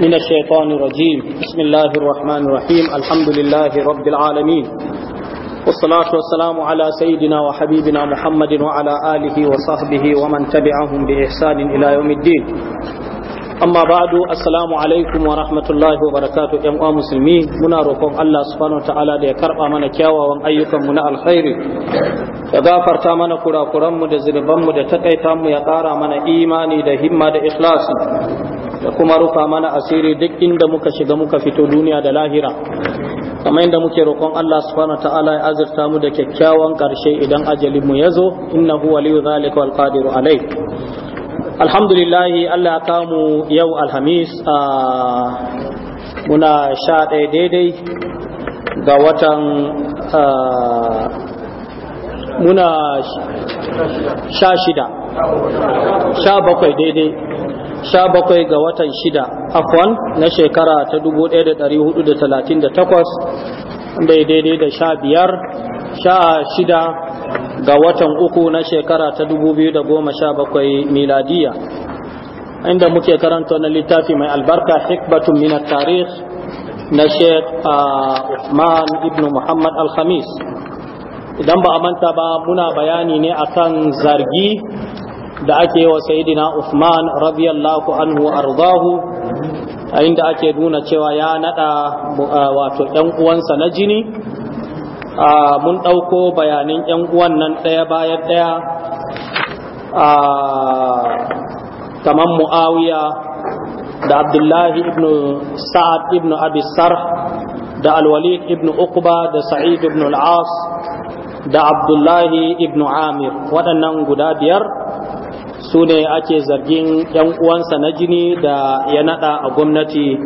من الشيطان الرجيم بسم الله الرحمن الرحيم الحمد لله رب العالمين والصلاة والسلام على سيدنا وحبيبنا محمد وعلى آله وصحبه ومن تبعهم بإحسان إلى يوم الدين amma ba'du assalamu alaikum wa rahmatullahi wa barakatu, yan uwa musulmi muna roƙon Allah subhanahu wa ta'ala da ya karba mana kyawawan ayyukan mu na alkhairi ya gafarta mana kurakuran mu da zurban mu da takaita mu ya ƙara mana imani da himma da ikhlasi da kuma rufa mana asiri duk inda muka shiga muka fito duniya da lahira kamar yadda muke roƙon Allah subhanahu wa ta'ala ya azurta mu da kyakkyawan ƙarshe idan ajalin mu ya zo innahu waliyyu zalika wal qadiru alayh alhamdulillah Allah ya mu yau alhamis a muna sha ɗaya daidai ga watan muna sha shida sha bakwai daidai sha bakwai ga watan shida afwan na shekara ta 1438 daidai da sha biyar sha shida ga watan uku na shekara ta 2017 miladiya inda muke karanta na littafi mai albarka hikbatun minar tarih na Sheikh ah, Uthman ibn Muhammad al idan ba a manta ba muna bayani ne akan zargi da ake wa sayidina usman radiyallahu anhu ardahu inda ake nuna cewa ya nada ah, wato 'yan uwansa na jini mun ɗauko bayanin 'yan uwan nan ɗaya bayan ɗaya kamar mu'awiya da abdullahi ibn sa'ad ibn abi sarh da alwalid ibn uqba da sa'id ibn al'as da abdullahi ibn amir waɗannan guda biyar su ne ake zargin 'yan uwansa na jini da ya naɗa a gwamnati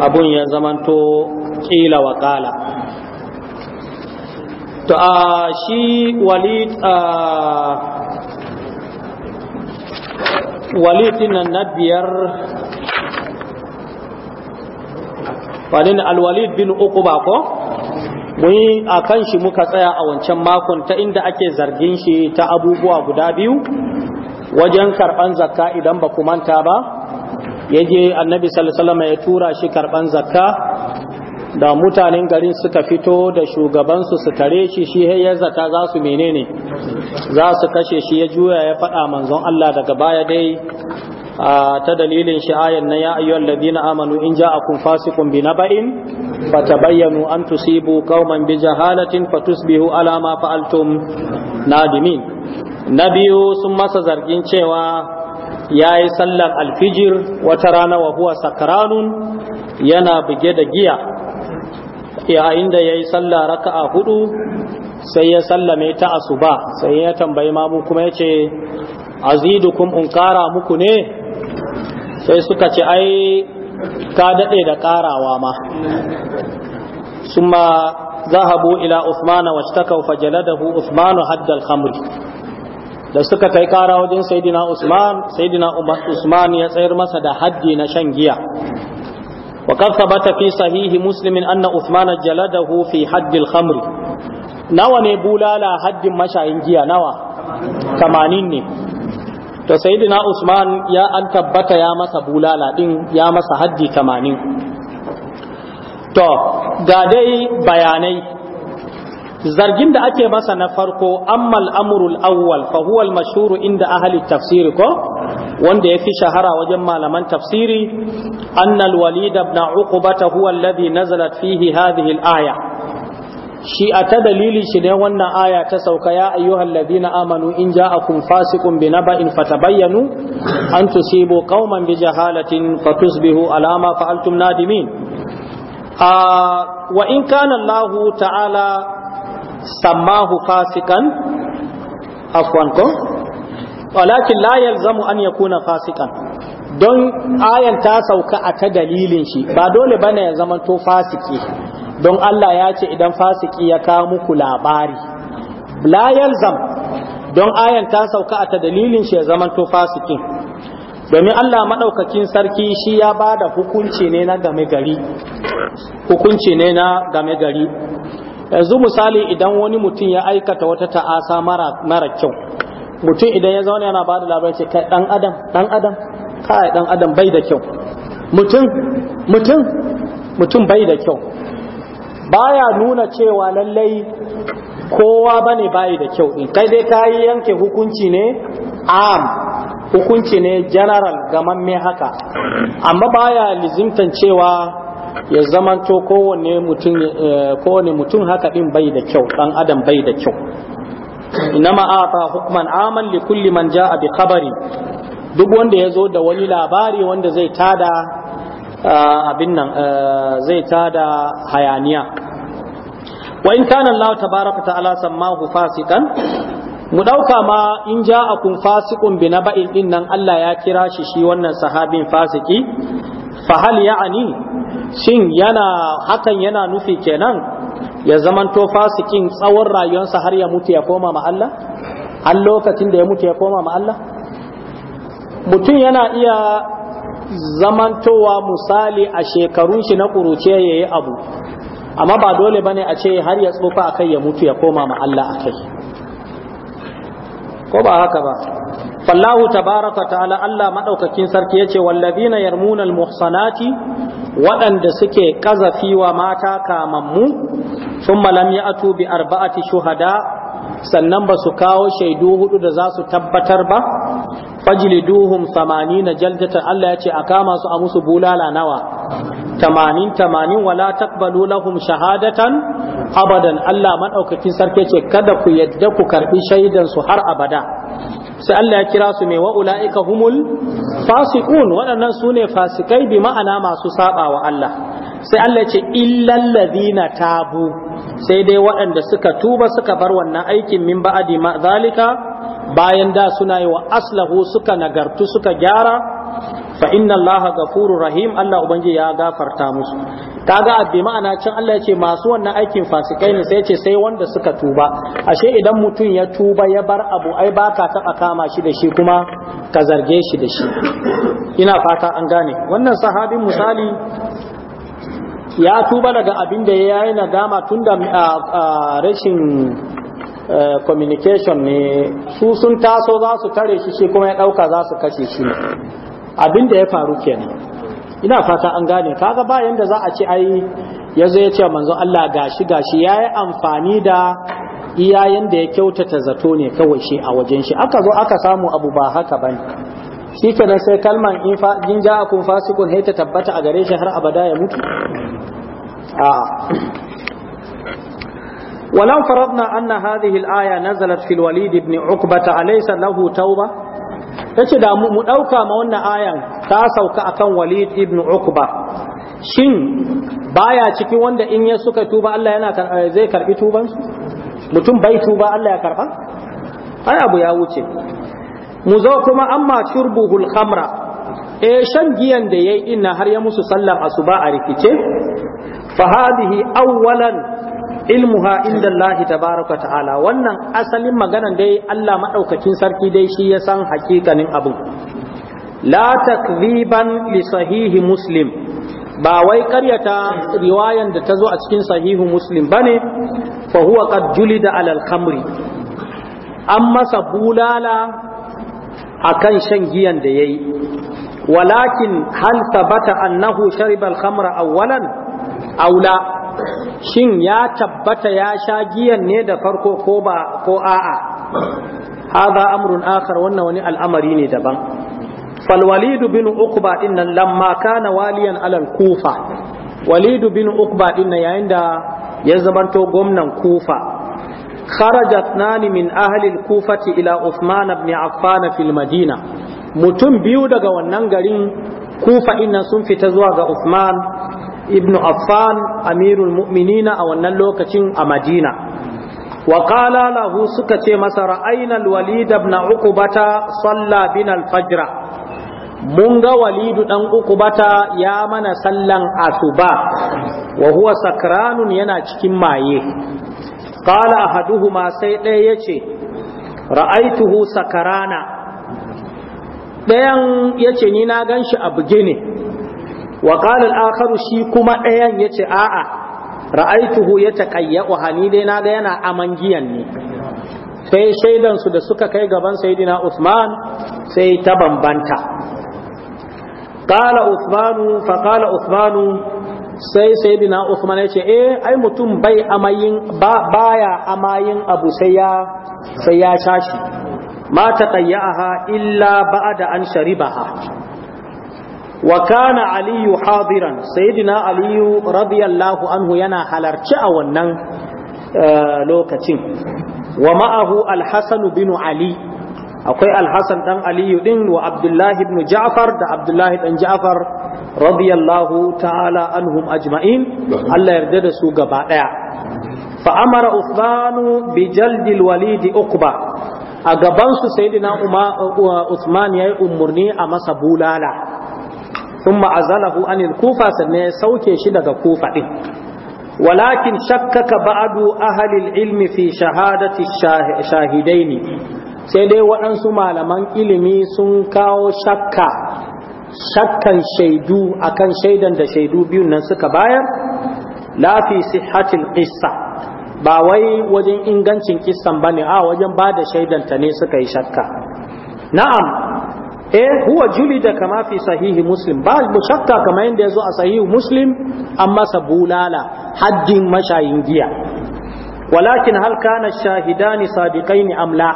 abun ya zamanto ƙila wa ƙala to a shi walid a walid nan na biyar walid alwalid bin uku ba ko muyi a kan shi muka tsaya a wancan makon ta inda ake zargin shi ta abubuwa guda biyu wajen karban zakka idan ba ku manta ba yaje annabi sallallahu alaihi wasallam ya tura shi karban zakka da mutanen garin suka fito da shugabansu su tare shi shi ya zata za su menene za su kashe shi ya juya ya faɗa manzon Allah daga baya dai ta dalilin sha'ayan na ya ayyuhal ladina amanu in ja'akum fasiqun ta fatabayyanu an tusibu qauman bi jahalatin fatusbihu ala alama fa'altum nadimin na biyu sun masa zargin cewa ya yi sallar alfijir wata rana wa huwa sakranun yana buge da giya yayin da ya yi sallah a hudu sai ya sallame ta asuba sai ya tambayi mamu kuma ya ce azidukum in kara muku ne sai suka ce ai ka daɗe da karawa ma summa bu ila usmana wajtakau fajaladahu usmanu haddal khamri da suka kai kara wajen saidina usman saidina usman ya tsayar masa da haddi na shan giya وقد ثبت في صحيح مسلم أن عثمان جلده في حد الخمر nawa ne bulala haddin mashayin jiya nawa tamanin ne to sayyidina usman ya an tabbata ya masa bulala din ya masa haddi tamanin to ga dai bayanai zargin da ake masa na farko ammal amrul awwal fa huwa al-mashhur inda ahli tafsir ko wanda yafi shahara wajen malaman tafsiri anna al-walid ibn uqbata huwa alladhi nazalat fihi hadhihi al-aya shi a ta dalili shi ne wannan aya ta sauka ya ayyuhal ladina amanu in ja'akum fasiqun bi naba'in fatabayyanu an tusibu qauman bi jahalatin fatusbihu alama ma fa'altum nadimin ah, wa in kana Allah ta'ala sammahu fasikan afwan ko walakin la yalzamu an yakuna fasikan don ayan ta sauka a ta dalilin shi ba dole bane ya zama to fasiki don Allah ya ce idan fasiki ya kawo muku labari la yalzam don ayan ta sauka a ta dalilin shi ya zama to fasiki domin Allah maɗaukakin sarki shi ya ba da hukunci ne na game gari hukunci ne na game gari yanzu misali idan wani mutum ya aikata wata ta'asa mara kyau mutum idan ya zauna yana ba da labarai ce kai dan adam dan adam kai dan adam bai da kyau mutum mutum mutum bai da kyau baya nuna cewa lallai kowa bane bai da kyau in kai dai kai yanke hukunci ne am hukunci ne general gaman me haka amma baya lizimtan cewa ya zamanto kowane mutum eh, kowane mutum haka din bai da kyau dan adam bai da kyau inama ata hukman aman li kulli man jaa bi khabari duk wanda ya zo da wani labari wanda zai tada eh, abin nan eh, zai tada hayaniya wa in kana Allah tabaraka ta'ala sammahu fasikan mu dauka ma in kun fasiqun bi naba'in din nan Allah ya kira shi shi wannan sahabin fasiki fa hal ya'ani shin yana hakan yana nufi kenan ya zamanto fasikin tsawon rayuwarsa har ya mutu ya koma ma Allah har lokacin da ya mutu ya koma ma Allah mutum yana iya zamantowa misali a shekarun shi na ƙuruce ya yi abu amma ba dole ba ne a ce har ya tsufa kai ya mutu ya koma ma Allah akai ko ba haka ba fallahu tabaraka ta'ala Allah madaukakin sarki yace wallazina yarmunan muhsanati. waɗanda suke kazafi wa mata kamammu thumma lam ya'tu bi arba'ati shuhada sannan basu kawo shaidu hudu da za tabbatar ba fajliduhum 80 jaldata Allah yace a kama su a musu bulala nawa 80 80 wala taqbalu lahum shahadatan abadan Allah madaukakin sarki yace kada ku yadda ku karbi shaidan su har abada sai Allah ya kira su mai wa'ula'ika humul fasiqun waɗannan su ne fasikai bi ma'ana masu saba wa Allah sai Allah ce illal na tabu sai dai waɗanda suka tuba suka bar wannan aikin min ba'adi ma bayan da suna yi wa aslahu suka nagartu suka gyara fa inna allaha ghafurur rahim Allah ubangiji ya gafarta musu kaga bi ma'ana can Allah ya ce masu wannan aikin fasikai ne sai yace ce sai wanda suka tuba ashe idan mutum ya tuba ya bar abu ai baka taba kama shi da shi kuma ka zarge shi da shi ina fata an gane wannan sahabin misali ya tuba daga abin da ya yi nadama tun da rashin e, communication ne su sun taso za su tare shi shi kuma ya ɗauka za su kashe shi abin da ya faru kenan ina fata an gane kaga ba yanda za a ce ai yazo ya ce manzo Allah gashi gashi yayi amfani da iyayen da ya kyautata zato ne kawai shi a wajen shi aka zo aka samu abu ba haka bane shi kenan sai kalman in fa jin ku fasikun hay ta tabbata a gare shi har abada ya mutu a ولو فرضنا أن هذه الآية نزلت في الوليد بن عقبة أليس له توبة؟ yace da mu dauka ma wannan ayan ta sauka akan Walid ibn Ukba shin baya cikin wanda in ya suka tuba Allah yana eh, zai karbi tuban mutum bai tuba Allah ya karba ai abu ya wuce mu zo kuma amma shurbuhul khamra E, shan giyan da yayi inna har ya musu sallar asuba a rikice fa hadhihi awwalan ilmuha inda Allah tabaraka ta'ala wannan asalin maganan dai Allah madaukakin sarki dai shi ya san hakikanin abin la takziban li sahihi muslim ba wai karyata riwayan da ta zo a cikin sahihu muslim bane fa huwa qad julida alal khamri an masa bulala akan shan giyan da yayi walakin hal thabata annahu shariba al khamra awwalan aw la shin ya tabbata ya sha giyan ne da farko ko ba ko a'a hadha amrun akhar wannan wani al'amari ne daban fal walid bin uqba dinnan lamma kana waliyan alal kufa walid bin uqba dinnan yayin da ya zamanto gwamnan kufa nani min ahli Kufati kufati ila عثمان ibn affan fil madina mutum biyu daga wannan garin Kufa inna sun fita zuwa ga Uthman Ibnu Affan amirul mu'minina a wannan lokacin a Madina wa qala lahu suka ce masa ra'ayna al-walid ibn uqbata salla bina al-fajr mun ga walidu dan uqbata ya mana sallan asuba wa huwa sakranun yana cikin maye qala ahaduhuma sai ɗaya yace ra'aituhu sakrana. ɗayan yace ni na ganshi a buge ne wa qala al-akharu shi kuma ɗayan yace a'a ra'aituhu yataqayyaqu hani dai na ga yana amangiyan ne sai shaidan da suka kai gaban sayyidina Usman sai ta bambanta qala Usmanu fa qala Usmanu sai sayyidina Usman ya ce eh ai mutum bai amayin ba baya amayin abu sai ya sai ya tashi ma taqayyaha illa ba'da an sharibaha wa kana aliyu hadiran sayyidina aliyu radiyallahu anhu yana halarci a wannan eh, lokacin wa ma'ahu Alhassan bin ali akwai alhasan dan aliyu din wa abdullahi bin ja'far da abdullahi dan ja'far radiyallahu ta'ala anhum ajma'in Allah yarda da su gaba daya fa amara Usmanu bi jaldil walid uqba a gabansu su sayyidina usman uh, yayi umurni a masa bulala sun azalahu anil kufa sannan ya sauke shi daga kufa ɗin walakin shakkaka ba'adu ahli ilmi fi shahadati shahidaini sai dai waɗansu malaman ilimi sun kawo shakka shakkan shaidu akan shaidan da shaidu biyun nan suka bayar la fi sihhatil qissa ba wai wajen ingancin kissan bane a wajen ba da shaidanta ne suka yi shakka na'am eh huwa julida kama fi sahihi muslim ba shakka kama yadda yazo a sahihi muslim amma sabulala haddin mashayin giya walakin hal kana shahidani sadiqaini am la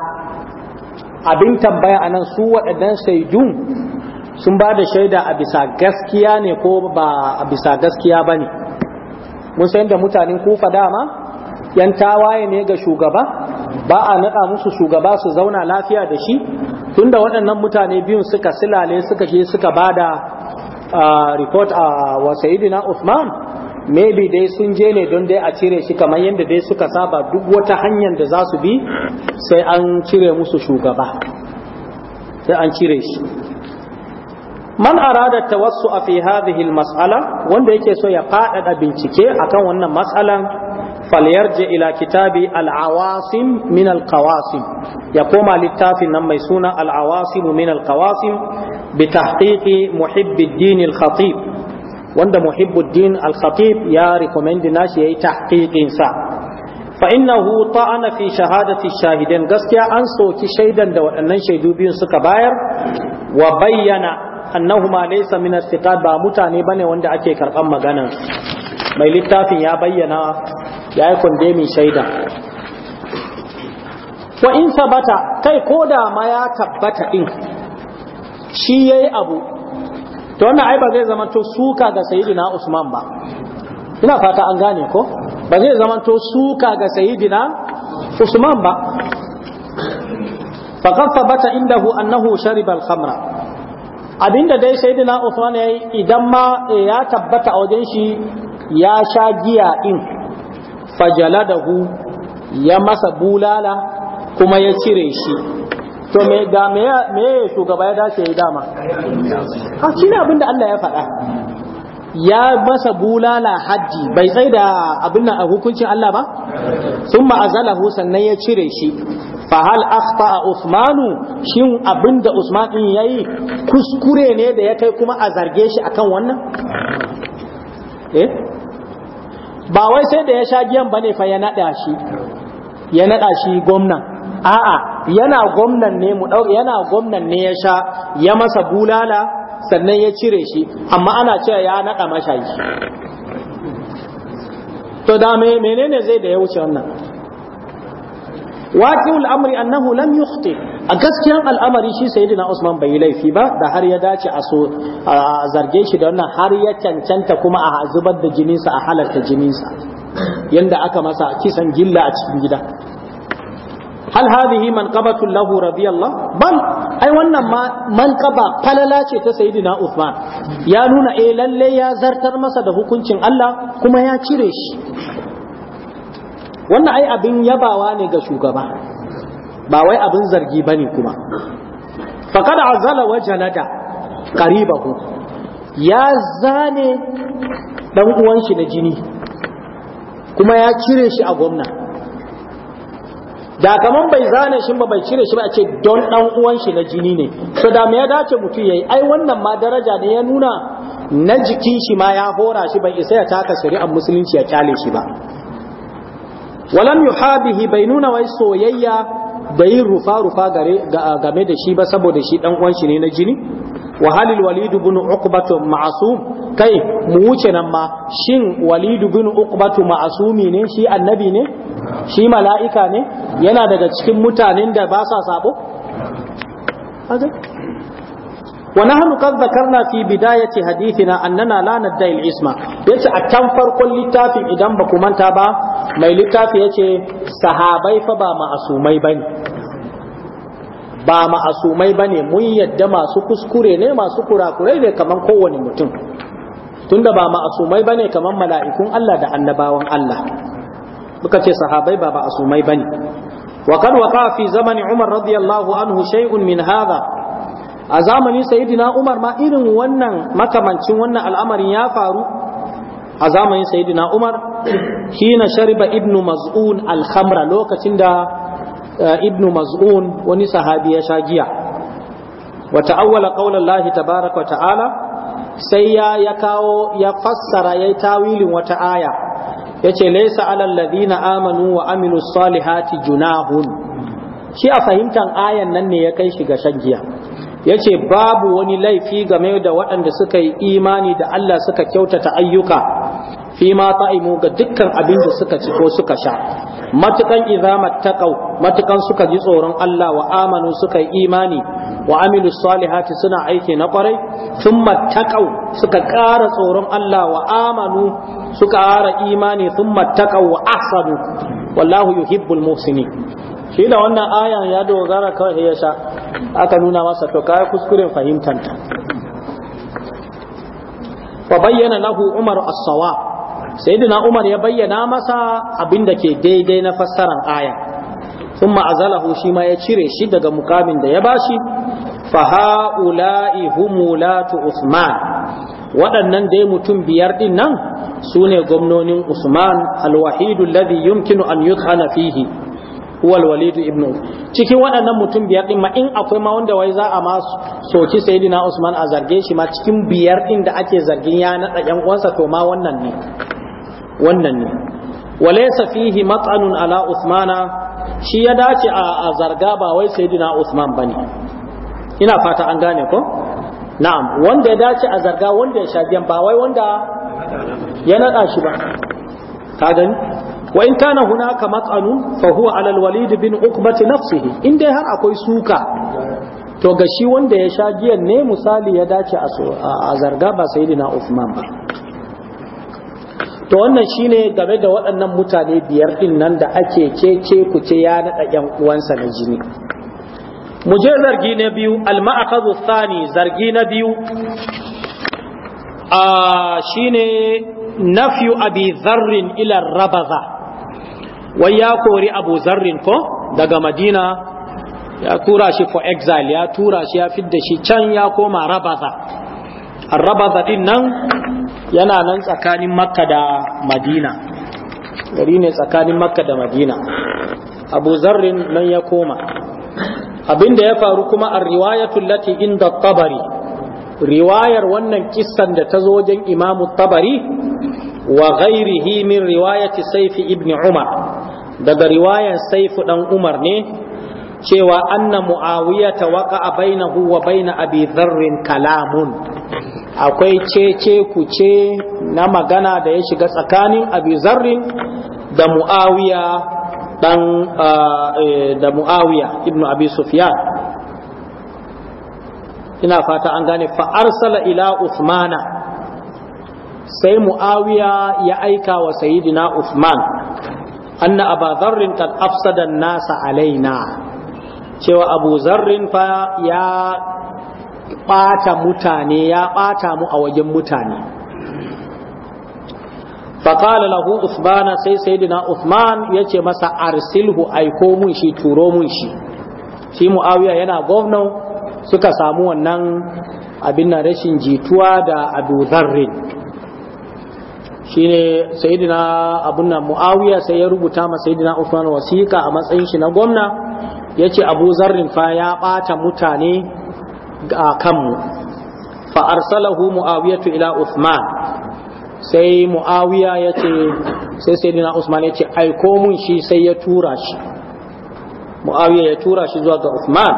abin tambaya anan su waɗannan shaidun sun ba da shaida a bisa gaskiya ne ko ba a bisa gaskiya ba ne mun san da mutanen kufa dama yan tawaye ne ga shugaba ba a naɗa musu shugaba su zauna lafiya da shi tunda waɗannan mutane biyun suka silale suka je suka ba da report a wa sayyidina Uthman maybe dai sun je ne don dai a cire shi kamar yadda dai suka saba duk wata hanyar da za su bi sai an cire musu shugaba sai an cire shi man arada tawassu fi hadhihi mas'ala wanda yake so ya faɗaɗa bincike akan wannan matsalan. falyarji ila kitabi al'awasim min alqawasim ya koma littafin nan mai suna al'awasim min alqawasim bi tahqiqi muhibbiddin al-khatib wanda muhibbuddin al-khatib ya recommend nashi yayi tahqiqin sa fa innahu ta'ana fi shahadati shahidan gaskiya an soki shaidan da waɗannan shaidu biyun suka bayar wa bayyana annahuma laysa min istiqad ba mutane bane wanda ake karban maganan mai littafin ya bayyana ya yi mai shaida. wa in sabata kai ko da ma ya tabbata din shi yayi abu to wannan ai ba zai to suka ga sayyidina Usman ba ina fata an gane ko ba zai to suka ga sayyidina Usman ba fa faqad sabata indahu annahu shariba al-khamra abinda dai sayyidina Usman yayi idan ma eh, ya tabbata a wajen shi ya sha giya din fajaladahu ya masa bulala kuma ya cire shi to me ga me shugaba ya dace ya dama a shine abin da Allah ya faɗa ya masa bulala haddi bai tsaye da abin nan a hukuncin Allah ba sun ma'azalahu sannan ya cire shi fahal akhta a Usmanu shin abin da Usman din yayi kuskure ne da ya kai kuma a zarge shi akan wannan eh ba wai sai da ya sha giyan bane fa ya nada shi ya nada shi gwamnan a'a yana gwamnan ne mu dauka yana gwamnan ne ya sha ya masa bulala sannan ya cire shi amma ana cewa ya nada shi. to da me menene zai da ya wuce wannan waqi'ul amri annahu lam yukhti a gaskiyan al'amari shi sayyidina Usman bai yi laifi ba da har ya dace a so a zarge shi da wannan har ya cancanta kuma a zubar da jininsa a halarta jininsa yanda aka masa kisan gilla a cikin gida hal hadhihi manqabatu lahu radiyallahu bal ai wannan ma manqaba falala ce ta sayyidina Usman ya nuna eh lalle ya zartar masa da hukuncin Allah kuma ya cire shi wannan ai abin yabawa ne ga shugaba ba wai abin zargi bane kuma zala azala wajalada qaribahu ya zane dan na jini kuma ya cire shi a gwamna da kamar bai zane shi ba bai cire shi ba a ce don dan uwan na jini ne so da ya dace mutum yayi ai wannan ma daraja ne ya nuna na jikin shi ma ya hora shi bai isa ya taka shari'ar musulunci ya kyale shi ba walam yuhabihi bai nuna wai soyayya bai yin rufa rufa game da shi ba saboda shi ɗan uwan shi ne na jini wa halil walid ibn uqbatu ma'sum kai mu wuce nan ma shin walid ibn uqbatu ma'sumi ne shi annabi ne shi mala'ika ne yana daga cikin mutanen da ba sa sabo ونحن قد ذكرنا في بداية حديثنا أننا لا ندعي العصمة يتي أكام فرق للتافي إذن بكمان تابا ما للتافي يتي صحابي فبا معصومي بني ba ma'asumai ba ne mun yadda masu kuskure ne masu kurakurai ne kamar kowane mutum tunda ba ma'asumai ba ne kamar mala'ikun Allah da annabawan Allah muka ce sahabai ba ma'asumai ba ne wa kan waka zamani umar radiyallahu anhu shay'un min hadha a zamanin sayyidina umar ma irin wannan makamancin wannan al'amarin ya faru a zamanin sayyidina umar hina shariba ibnu maz'un al-khamra lokacin da eh, ibnu maz'un wani sahabi ya sha giya wa ta'awwala Qawlan Lahi tabaaraka wa ta'ala sai ya ya kawo ya fassara yayi tawilin wata aya yace laysa alal ladina amanu wa amilus salihati junahun shi a fahimtan ayan nan ne ya kai shi ga shan giya yace babu wani laifi game da waɗanda suka yi imani da Allah suka kyautata ayyuka fi ma ta'imu ga dukkan abin da suka ci ko suka sha matukan izama taqaw matukan suka ji tsoron Allah wa amanu suka yi imani wa amilu salihati suna aiki na kwarai thumma taqaw suka ƙara tsoron Allah wa amanu suka ƙara imani thumma taqaw wa ahsanu wallahu yuhibbul muhsini shi da wannan ayan ya dogara kawai ya sha aka nuna masa to kai kuskuren fahimtanta wa bayyana lahu umar as-sawab sayyidina umar ya bayyana masa abinda ke daidai na fassaran aya thumma azalahu shi ma ya cire shi daga mukamin da ya bashi fa haula'i humulatu usman waɗannan dai mutum biyar din nan sune gwamnonin Usman Alwahidu ladhi yumkinu an yudhana fihi huwa alwalid ibn cikin waɗannan mutum biyar din ma in akwai ma wanda wai za a ma soki sayyidina Usman a zarge shi ma cikin biyar din da ake zargin ya nada yan uwansa to ma wannan ne wannan ne walaysa fihi mat'anun ala Usmana shi ya dace a zarga ba wai sayyidina Usman bane ina fata an gane ko na'am wanda ya dace a zarga wanda ya sha biyan ba wai wanda ya naɗa shi ba ka gani wa in kana hunaka matsanu fa huwa ala alwalid bin uqbati nafsihi in dai har akwai suka to ga shi wanda ya sha giyan ne misali ya dace a zarga ba sayyidina Uthman ba to wannan shine game da waɗannan mutane biyar din nan da ake cece ku ce ya naɗa ƴan uwansa na jini mu je zargi na biyu al thani zargi na biyu a shine nafyu abi zarrin ila rabaza wai ya kori abu zarrin ko daga madina ya tura shi for exile ya tura shi ya fidda shi can ya koma rabaza rabaza din nan yana nan tsakanin makka da madina gari ne tsakanin makka da madina abu zarrin nan ya koma abinda ya faru kuma a riwayatul lati inda tabari riwayar wannan kissan da ta zo wajen imamu tabari wa ghairihi min riwayati saifi ibn umar daga riwayar saifu dan umar ne cewa anna muawiya ta waka a baina huwa baina abi zarrin kalamun akwai cece ku ce na magana da ya shiga tsakanin abi zarrin da muawiya dan ah, eh, da muawiya ibn abi sufyan ina fata an gane fa arsala ila usmana sai muawiya ya aika wa sayyidina usman anna aba zarrin kad afsada nasa alaina cewa abu zarrin fa ya ɓata mutane ya ɓata mu a wajen mutane faƙala lahu usmana sai sayyidina usman ya ce masa arsilhu aiko mun shi turo mun shi shi mu'awiya yana gwamnan suka samu wannan abin na rashin jituwa da abu Shi ne sayyidina abun nan muawiya sai ya rubuta ma sayidina usman wasiƙa a matsayin shi na gwamna Ya ce abu zarrin fa ya ɓata mutane a kanmu fa arsalahu muawiyatu ila usman sai muawiya ce, sai sayyidina usman ya ce, aiko mun shi sai ya tura shi muawiya ya tura shi zuwa ga usman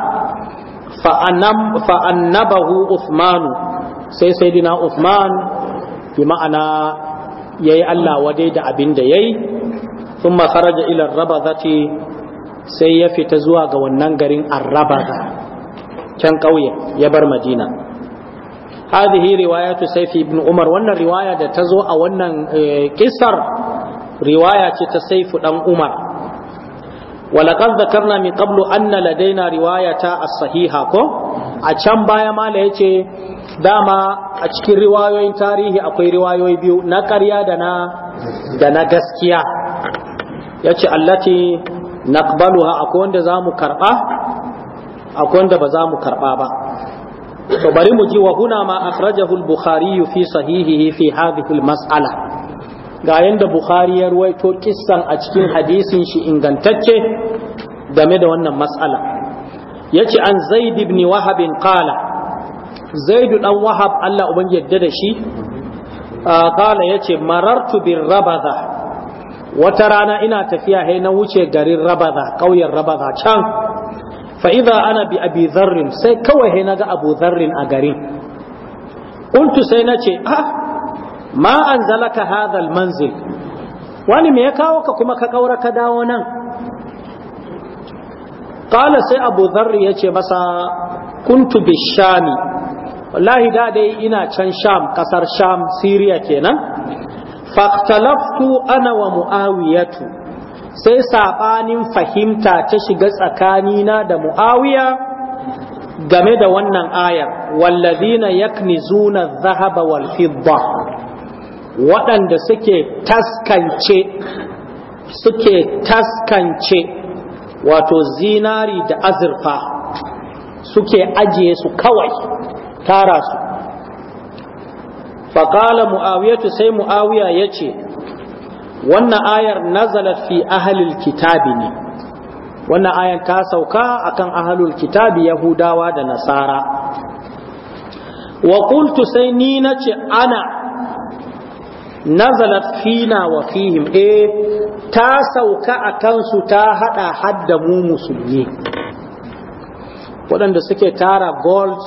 fa'annabahu Uthmanu sai saidina Uthman bi ma'ana ya yi Allah wade da abin da ya yi sun da ilar rabaza ce sai ya fita zuwa ga wannan garin arrabaza can ƙauye ya bar madina Umar, wannan riwaya da ta zo a wannan eh, kisar riwaya ce ta تسيف ɗan Umar. walaƙar zakarna min qablu anna ladaina riwayata a sahiha ko a can baya mala yace dama a cikin riwayoyin tarihi akwai riwayoyi biyu na ƙarya da na da na gaskiya yace allati naqbaluha akwai wanda zamu karba akwai wanda ba zamu karba ba to bari mu ji wa huna ma akhrajahu al-bukhari fi sahihihi fi hadhihi al-mas'ala ga yadda bukhari ya ruwaito kissan a cikin hadisin shi ingantacce game da wannan matsala yace an zaid ibn wahab qala zaid dan wahab Allah ubangi yadda da shi qala yace marartu bir rabadha wata rana ina tafiya he na wuce garin rabadha kauyen rabadha can fa ana bi abi dharr sai kawai he naga abu dharr a garin qultu sai nace ah ma anzalaka hadhal manzil wani me ya kawo ka kuma ka kaura ka dawo nan qala sai abu dharr yace masa kuntu bishami wallahi da dai ina can sham kasar sham siriya kenan fahtalaftu ana wa muawiyatu sai sabanin fahimta ta shiga tsakanina da muawiya game da wannan ayar wallazina yaknizuna adh-dhahaba wal fidda waɗanda suke taskance suke taskance wato zinari da azurfa suke ajiye su kawai tara su faƙala mu'awiyatu sai mu'awiya ya ce wannan ayar nazala fi ahalil kitabi ne wannan ayar ta sauka akan ahalul kitabi yahudawa da nasara wa sai ni na ce ana nazalat fina wa fihim E, ta sauka a kansu ta hada hadda mu musulmi waɗanda suke tara gold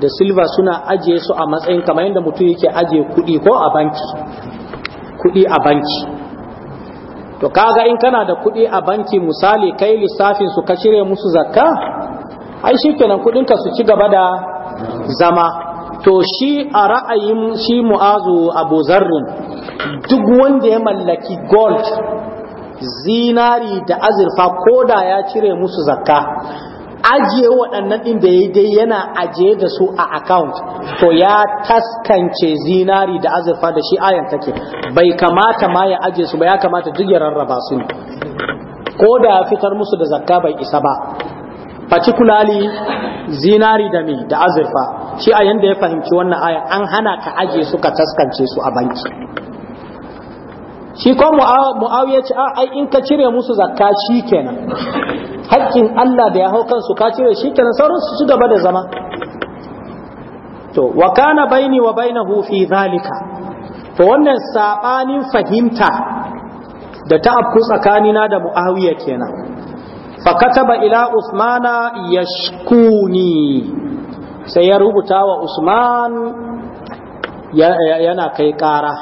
da silver suna ajiye su a matsayin kamar yadda mutum yake ajiye kuɗi ko a banki kuɗi a banki to kaga in kana da kuɗi a banki misali kai lissafin su ka cire musu zakka ai shikenan kuɗinka su ci gaba da zama to shi a ra'ayin shi mu'azu abu zarrin duk wanda ya mallaki gold zinari da azurfa ko da ya cire musu zakka ajiye waɗannan ɗin da ya dai yana ajiye da su a account to ya taskance zinari da azurfa da shi ayan take bai kamata ma ya ajiye su ba ya kamata duk ya rarraba su ko da ya fitar musu da zakka bai isa ba particularly zinari da me da azurfa shi a yanda ya fahimci wannan aya an hana ka aje su ka taskance su a banki shi ko mu'awiya ce ai in ka cire musu zakka shi kenan haƙƙin Allah da ya hau kansu ka cire shi kenan sauran su gaba da zama to wa kana baini wa bainahu fi zalika to wannan sabanin fahimta da ta afku tsakanina da mu'awiya kenan فكتب ila usmana يشكوني sai ya rubuta wa usman yana kai kara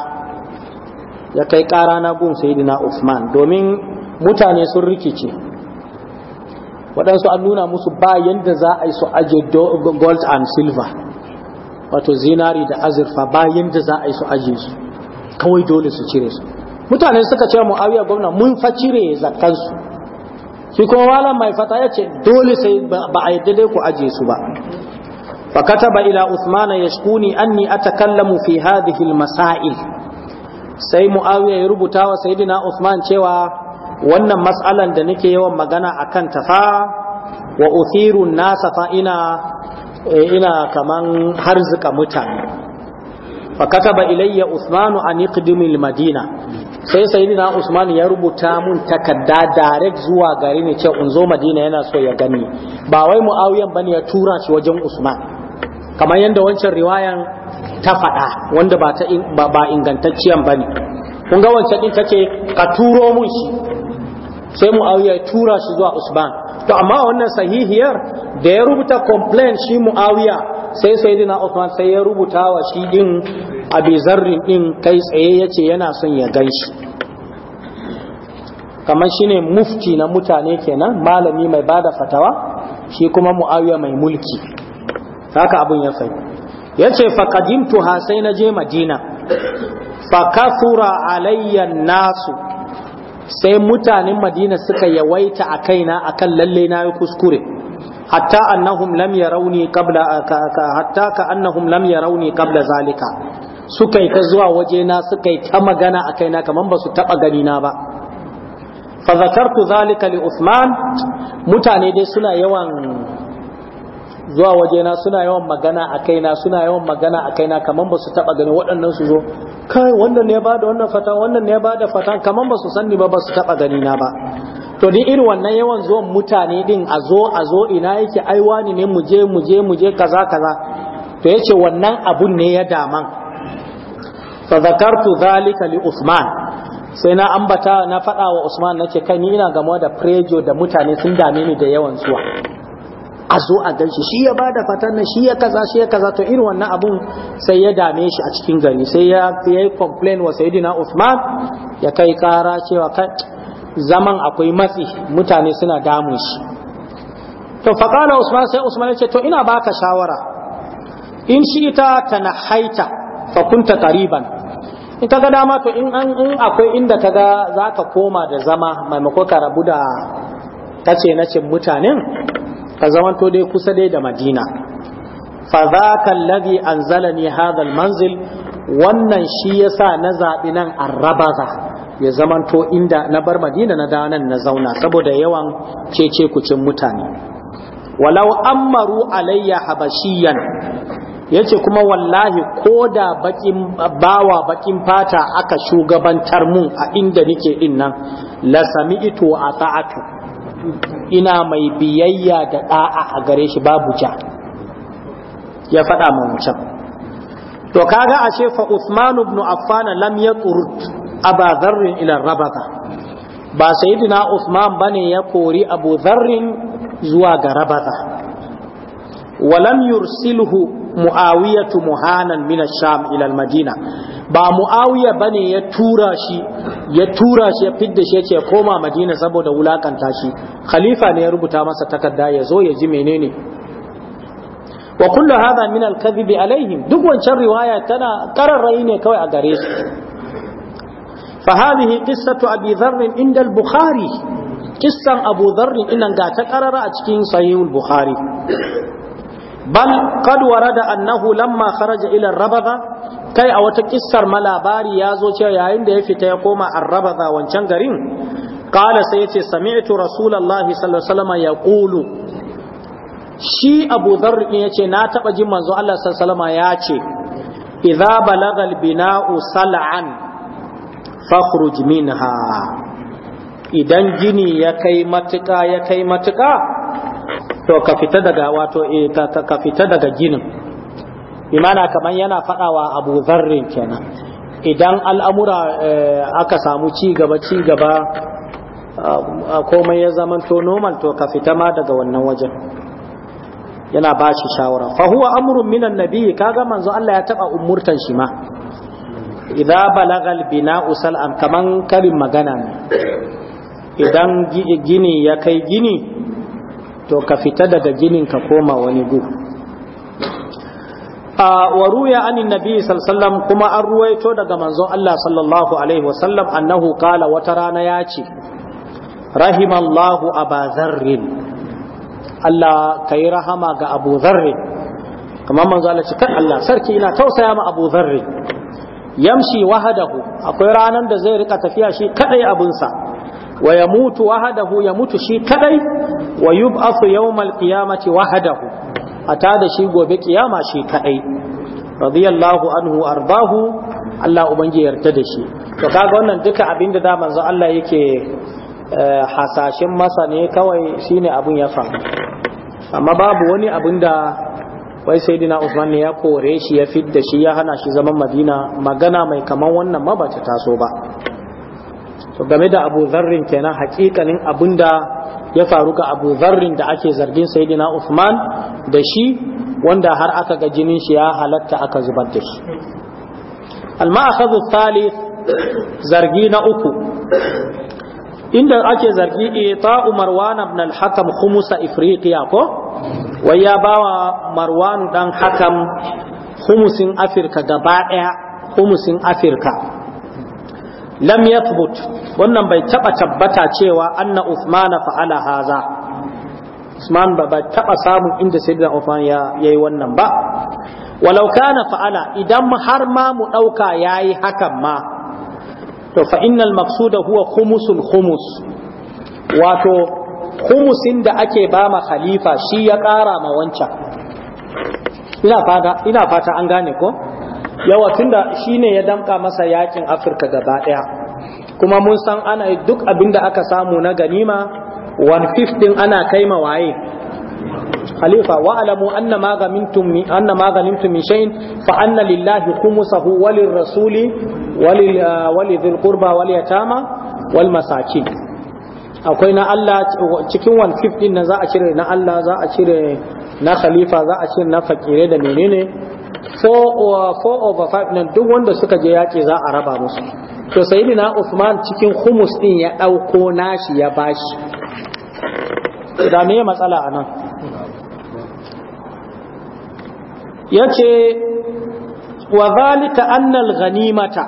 ya kai kara na gun sayidina usman domin mutane sun rikice waɗansu an nuna musu ba yadda za a yi su aje gold and silver wato zinari da azurfa ba yadda za a yi su aje su kawai dole su cire su mutane suka ce mu'awiya gwamna mun fa cire zakansu shi kuma malam mai fata ya ce dole sai ba a yadda ku aje su ba fa kataba ila usmana yashkuni anni atakallamu fi hadhihi almasail sai muawiya ya rubuta wa sayyidina usman cewa wannan mas'alan da nake yawan magana akan ta fa wa uthiru nasa fa ina eh, ina kaman harzika mutane fa kataba ilayya usmanu an iqdimil madina sai sayyidina usman ya rubuta mun takarda direct zuwa gari ne ce unzo madina yana so ya gani ba wai muawiyan bane ya tura shi wajen usman kamar yadda wancan riwayan ta faɗa wanda ba ta ba ingantacciyan bane kun ga wancan din tace ka turo mun shi sai muawiya ya tura shi zuwa usman to amma wannan sahihiyar da ya rubuta complaint shi muawiya sai dina Uthman sai ya rubuta wa shi din Abi Zarrin din kai tsaye yace yana son ya ganshi kamar shine mufti na mutane kenan malami mai bada fatawa shi kuma Muawiya mai mulki haka abun ya sai yace fa qadimtu ha sai na je Madina fa kasura alayya nasu sai mutanen Madina suka yawaita a kaina akan lalle na yi kuskure hatta annahum lam yarawni qabla hatta ka annahum lam yarawni qabla zalika suka yi ta zuwa waje na suka yi ta magana a kaina kaman ba su taba gani na ba fa zakartu zalika li usman mutane dai suna yawan zuwa wajena suna yawan magana a kaina suna yawan magana a kaina kaman ba su taba gani waɗannan su zo kai wannan ne ya bada wannan fata wannan ne ya bada fata kaman ba su sanni ba ba su taba gani na ba to ni irin wannan yawan zuwan mutane din a zo a zo ina yake aiwa ne mu je mu je mu je kaza kaza to yace wannan abun ne ya daman fa zakartu zalika li Usman sai na ambata na faɗawa wa Usman nace kai ni ina gamuwa da prejo da mutane sun dame ni da yawan zuwa a zo a ganshi shi ya bada fatan nan shi ya kaza shi ya kaza to irin wannan abun sai ya dame shi a cikin gari sai ya yi complain wa sayyidina Usman ya kai kara cewa kai zaman akwai matsi mutane suna damun shi to faƙala usman sai usman ce to ina baka shawara in shi ita na haita fa kunta qariban in ga dama to in an in akwai inda kaga zaka koma da zama maimako ka rabu da kace na cin mutanen ka zamanto dai kusa dai da madina fa an zala anzalani hadha manzil? wannan shi yasa na zaɓi nan arrabaza ya zamanto inda na bar madina na danan na zauna saboda yawan cece kucin mutane walau ammaru alayya habashiyan yace kuma wallahi ko da bakin bawa bakin fata aka shugabantar mun a inda nike din nan la sami'tu a ina mai biyayya da da'a a gare shi babu ja ya faɗa mun can to kaga ashe fa Uthman ibn Affan lam aba zarrin ila rabata ba sayyidina usman bane ya kori abu zarrin zuwa ga rabata walam yursilhu muawiyatu muhanan min sham ila madina ba muawiya bane ya tura shi ya tura shi ya fidda shi yace koma madina saboda wulakanta shi khalifa ne ya rubuta masa takarda ya zo ya ji menene wa kullu hadha min al-kadhibi alaihim duk wancan riwaya tana kararrai ne kawai a gare su فهذه قصة أبي ذر عند البخاري قصة أبو ذر إن قاعدة قرر أتكين صحيح البخاري بل قد ورد أنه لما خرج إلى الربضة كي أو تكسر ملاباري يازو تيا عند يفت يقوم الربضة وانشنغرين قال سيتي سمعت رسول الله صلى الله عليه وسلم يقول shi abu zarri ya ce na taɓa jin manzo Allah sallama ya ce idza balagal bina'u sal'an fakhruj minha idan gini ya kai matuka ya kai matuka to ka fita daga wato eh, ka fita daga ginin imana kamar yana fadawa abu zarrin kenan idan al'amura eh, aka samu ci gaba ci gaba ah, komai ya zamanto normal to ka fita ma daga wannan wajen yana ba shi shawara fa huwa amrun minan nabi kaga manzo Allah ya taɓa umurtan shi ma idza balagal bina'u sal'an kaman karin magana ne idan gini ya kai gini to ka fita daga ginin ka koma wani gu wa ruya an nabi sallallahu kuma an ruwaito daga manzon Allah sallallahu alaihi wasallam annahu qala wata rana ya ce rahimallahu aba zarrin Allah ka yi rahama ga abu zarri kamar manzo Allah ce kan Allah sarki ina tausaya ma abu zarri yamshi wahadahu akwai ranar da zai rika tafiya shi kadai abinsa wa ya mutu wahadahu ya mutu shi kadai wa yub'athu yawmal qiyamati wahadahu ata da shi gobe kiyama shi kadai radiyallahu anhu ardahu Allah ubangi yarda da shi to kaga wannan duka abinda da manzo Allah yake eh, hasashen masa ne kawai shine abun ya faru amma babu wani abin da wai sai dina usman ne ya kore shi ya fidda shi ya hana shi zaman madina magana mai kaman wannan ma bata taso ba to game da abu zarrin kenan hakikanin abun da ya faru ga abu zarrin da ake zargin saidina usman da shi wanda har aka ga jinin shi ya halatta aka zubar da shi al-ma'akhadhu thalith zargi na uku inda ake zargi ita'u marwan ibn al-hakam khumusa ifriqiya ko wai ya bawa marwan dan hakam khumusin afirka gaba daya khumusin afirka lam yathbut wannan bai taba tabbata cewa anna uthman fa'ala haza usman ba bai taba samun inda sayyidina uthman ya yayi wannan ba walau kana fa'ala idan har ma mu dauka yayi hakan ma to fa innal maqsuda huwa khumusul khumus wato khumusin da ake ba ma khalifa shi ya kara ma wancan ina fata ina fata an gane ko yawa tunda shine ya damka masa yakin Afirka gaba daya kuma mun san ana duk abinda aka samu na ganima 150 ana kai ma waye khalifa wa alamu anna ma ghanimtum min anna ma ghanimtum lillahi khumsahu wa lirrasuli wa lil uh, wal akwai na Allah cikin 150 din nan za a cire na Allah za a cire na khalifa za a cire na fakire da menene 4 uh, over 5 nan duk wanda suka je yaƙi za a raba musu to sai na Usman cikin humus din ya ɗauko nashi ya bashi da me matsala anan. ya ce wa zalika annal ganimata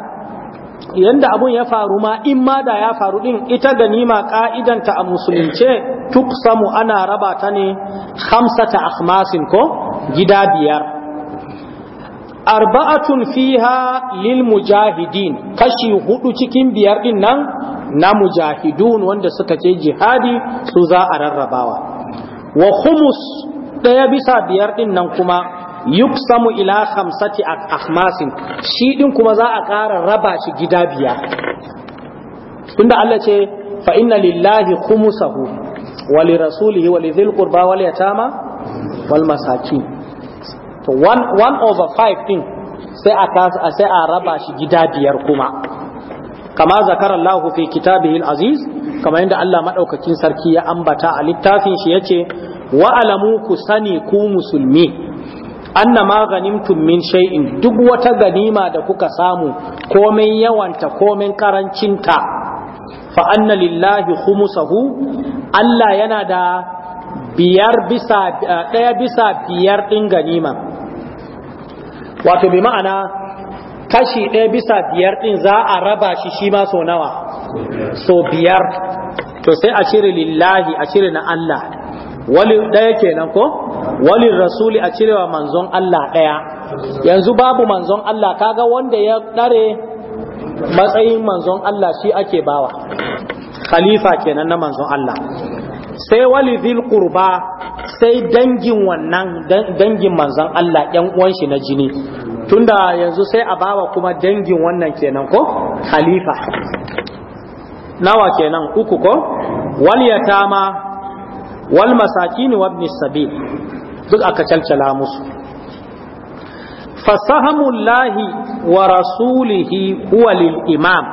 yanda abun ya faru ma in ma da ya faru din ita ganima ka'idanta a musulunce tuksamu ana raba ta ne hamsata akhmasin ko gida biyar arba'atun fiha lil mujahidin kashi hudu cikin biyar din nan na mujahidun wanda suka je jihadi su za a rarrabawa wa khumus daya bisa biyar din nan kuma yuksamu ila hamsati a ahmasin shi din kuma za a ƙara raba shi gida biyar tunda Allah ce fa inna lillahi khumsahu wa li rasulihi wa li dhil qurba wal yatama wal masakin to one over five din sai a sai a raba shi gida biyar kuma kama zakara Allah fi kitabihi al-aziz kama inda Allah madaukakin sarki ya ambata a littafin shi yace wa alamu ku sani ku musulmi anna ma ganimtum min shay'in duk wata ganima da kuka samu komai yawanta komai karancinta fa anna lillahi khumusahu Allah yana da biyar bisa daya bisa biyar din ganima wato bi ma'ana kashi daya bisa biyar din za a raba shi shi ma so nawa so biyar to sai a cire lillahi a cire na Allah wali daya kenan ko wali rasuli a cirewa manzon Allah daya yanzu babu manzon Allah kaga wanda ya dare matsayin manzon Allah shi ake bawa khalifa kenan na manzon Allah sai wali zil qurba sai dangin wannan dangin manzon Allah yan uwan shi na jini tunda yanzu sai a bawa kuma dangin wannan kenan ko khalifa nawa kenan uku ko wal yatama wal masakin wa duk aka calcala musu fasahamullahi wa rasulihi huwa lil imam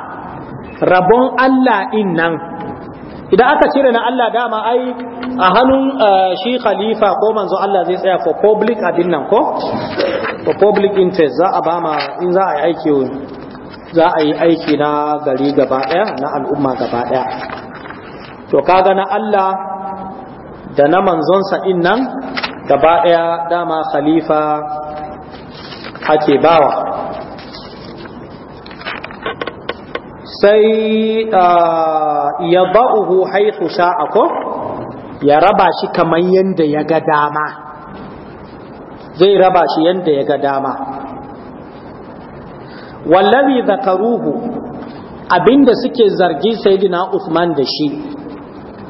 rabon Allah innan idan aka cire na Allah dama ai a hannun eh, shi khalifa ko manzo Allah zai tsaya for public abin nan ko for public interest za a bama in za a yi aiki za a yi aiki na gari gaba daya na al'umma gaba daya to kaga na Allah da na manzonsa din nan gaba ɗaya dama khalifa ake bawa sai ya ba'uhu haitu sha'a ko ya raba shi kamar yadda ya ga dama zai raba shi yadda ya ga dama wallabi zakaruhu abinda suke zargi sayidina Usman da shi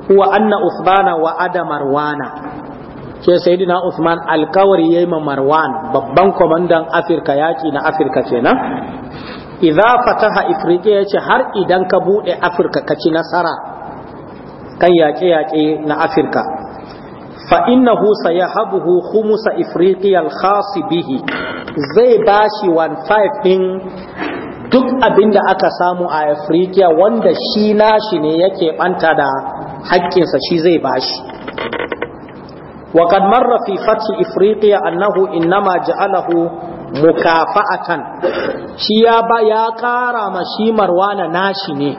huwa anna usmana wa ada marwana ce sayyidina usman alkawari yayi ma marwan babban komandan afirka yaki na afirka kenan idza fataha ifriqiya yace har idan ka bude afirka ka ci nasara kan yaƙe yaƙe na afirka fa innahu sayahabuhu khumusa ifriqiya al bihi zai bashi 15 din duk abin da aka samu a afirka wanda shi nashi ne yake ɓanta da haƙƙinsa shi zai ba shi bashi وقد مر في فتح إفريقيا أنه إنما جعله مكافأة شيابا يا كارا مشي مروان ne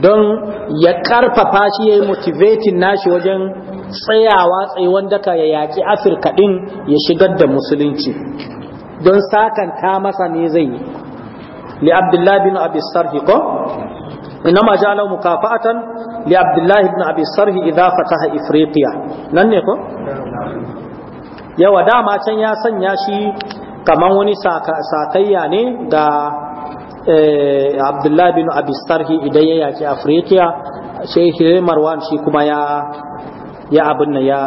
don ya karfafa shi ya yi motivating nashi wajen tsayawa tsayuwan daka ya yaki afirka ɗin ya shigar da musulunci don sakanta masa ne zai yi li Abdullahi bin abi sarhi ko inma ja'alahu mukafa'atan li Abdullahi bin abi sarhi idza fataha ifriqiya nan ne ko yawa dama can ya sanya shi kaman wani sakayya ne ga eh, abdullah bin abi sarhi idan ya yaki afriqiya sai shi marwan shi kuma ya ya abin ya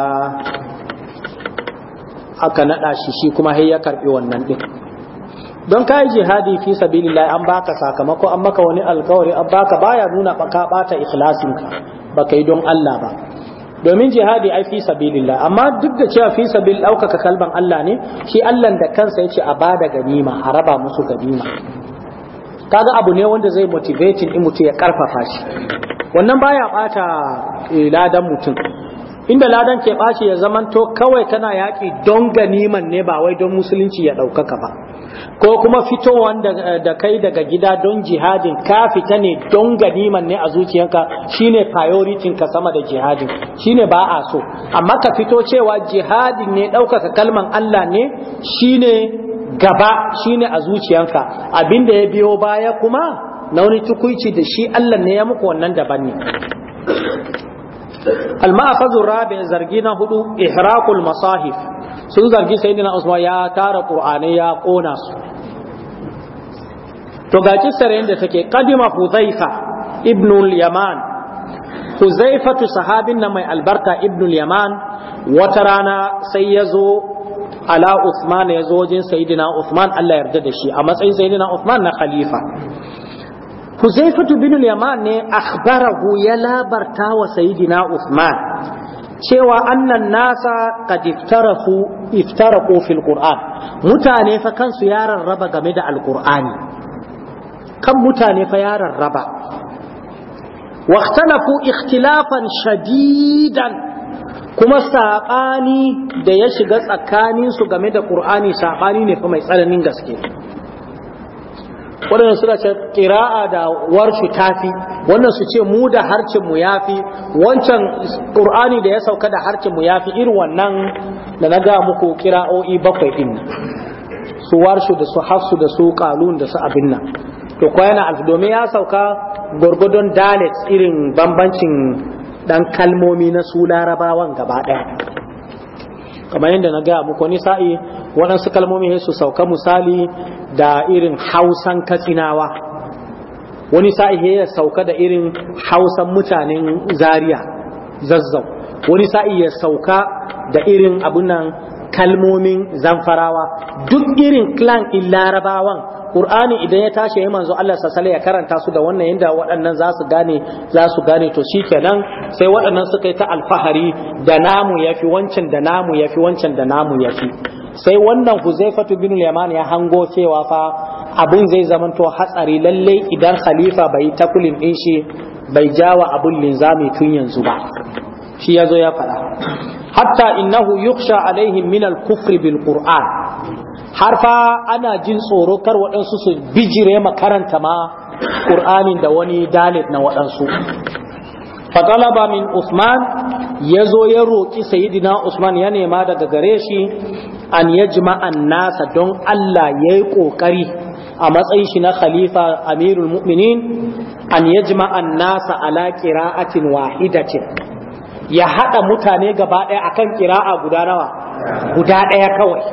aka naɗa shi shi kuma ya karɓi wannan ɗin don yi jihadi fi sabilillah an baka sakamako an maka wani alkawari an baka baya nuna baka bata ikhlasin ka ba kai don Allah ba domin jihadi ai fi sabilillah amma duk da cewa fi sabil ɗaukaka kalban Allah ne shi Allah da kansa ya ce a bada ganima a raba musu ganima kaga abu ne wanda zai motivating in mutu ya karfafa shi wannan baya bata iladan eh, mutum inda ladan ke bashi ya zamanto kawai kana yaki don ganiman ne ba wai don musulunci ya ɗaukaka ba ko kuma fitowan eh, da kai daga gida don jihadin ka fita ne don ganiman ne a zuciyarka shine priority ka sama da jihadin shine ba a so amma ka fito cewa jihadin ne ɗaukaka kalman Allah ne shine gaba shine a zuciyanka abinda ya biyo baya kuma na wani tukuici da shi Allah ne ya muku wannan daban ne al-ma'akhadhu rabi zargi na hudu ihraqul masahif sun zargi sayyidina usman ya tara qur'ani ya kona su to ga yadda take kadima huzaifa Ibnul-Yaman, yaman huzaifatu sahabin na mai albarka ibnul yaman wata rana sai ya zo ala Usman ya zo wajen Sayyidina Usman, Allah yarda da shi a matsayin Sayyidina Usman na khalifa Huzaifatu bin Yaman ne akhbarahu ya labarta wa Sayyidina Usman. cewa annan nasa qad iftarafu iftaraku fil Qur'an mutane fa kansu ya rarraba game da alqur'ani kan mutane fa ya rarraba واختلفوا اختلافا shadidan kuma saɓani da ya shiga tsakaninsu game da ƙur'ani saɓani ne fa mai tsananin gaske waɗanda suna ce ƙira'a da warshi tafi wannan su ce mu da harcin ya fi wancan qur'ani da ya sauka da harcin mu yafi irin wannan da na ga muku ƙira'o'i bakwai din su warshu da su hafsu da su qalun da su abin nan to ko yana domin ya sauka gwargwadon dalet irin bambancin ɗan kalmomi na su larabawan gaba daya kamar yadda na gaya muku nisa'i sa'i waɗansu kalmomi su sauka misali da irin hausan katsinawa wani sa'i ya sauka da irin hausan mutanen Zariya zazzau wani sa'i ya sauka da irin abunan kalmomin zamfarawa duk irin clan in larabawan Qur'ani idan ya tashi ya manzo Allah sasale ya karanta su da wannan yanda waɗannan za su gane za su gane to shikenan sai waɗannan suka yi ta alfahari da namu yafi wancan da namu yafi wancan da namu yafi sai wannan Huzaifatu bin Yaman ya hango cewa fa abun zai zamanto hatsari lalle idan khalifa bai takulin din shi bai jawa abun linzami tun yanzu ba shi yazo ya faɗa hatta innahu yukhsha alaihim min al-kufri bil Qur'an har fa ana jin tsoro kar waɗansu su bijire makaranta ma ƙur'anin da wani dalit na waɗansu fatalaba min usman ya zo ya roƙi sayidina usman ya nema daga gare shi an ya jima'an nasa don allah ya yi ƙoƙari a matsayin shi na khalifa amirul mu'minin an ya jima'an nasa ala ƙira'atin wahidatin ya haɗa mutane gaba ɗaya akan ƙira'a guda nawa guda ɗaya kawai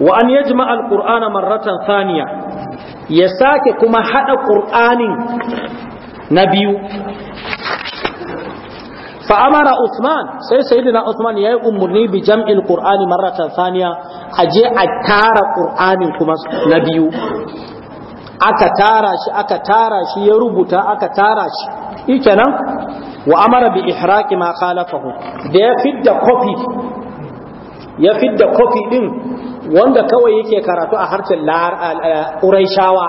wa an yajma alqur'ana marratan thaniya ya sake kuma hada qur'anin na biyu fa amara usman sai sayyidina usman yayi umurni bi jam'il qur'ani marratan thaniya aje a tara qur'anin kuma na biyu aka tara shi aka tara shi ya rubuta aka tara shi shikenan wa amara bi ihraqi ma khalafahu da ya fidda copy ya fidda copy din wanda kawai yake karatu a harshen ƙuraishawa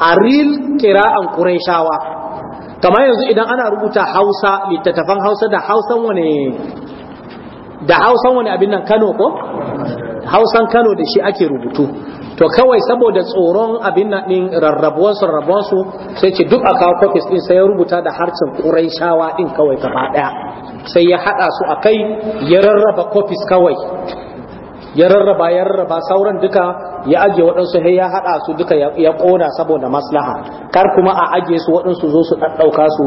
a ril kira'an ƙuraishawa kamar yanzu idan ana rubuta hausa littattafan hausa da hausan wani da hausan wani abin nan kano ko hausan kano da shi ake rubutu to kawai saboda tsoron abin nan din rarrabuwarsu rarrabuwarsu sai ce duk a kawo kofis din sai ya rubuta da harshen ƙuraishawa ɗin kawai gaba ɗaya sai ya haɗa su a kai ya rarraba kofis kawai ya rarraba ya rarraba sauran duka ya aje waɗansu sai ya haɗa su duka ya ƙona saboda maslaha kar kuma a aje su waɗansu zo su ɗaɗɗauka su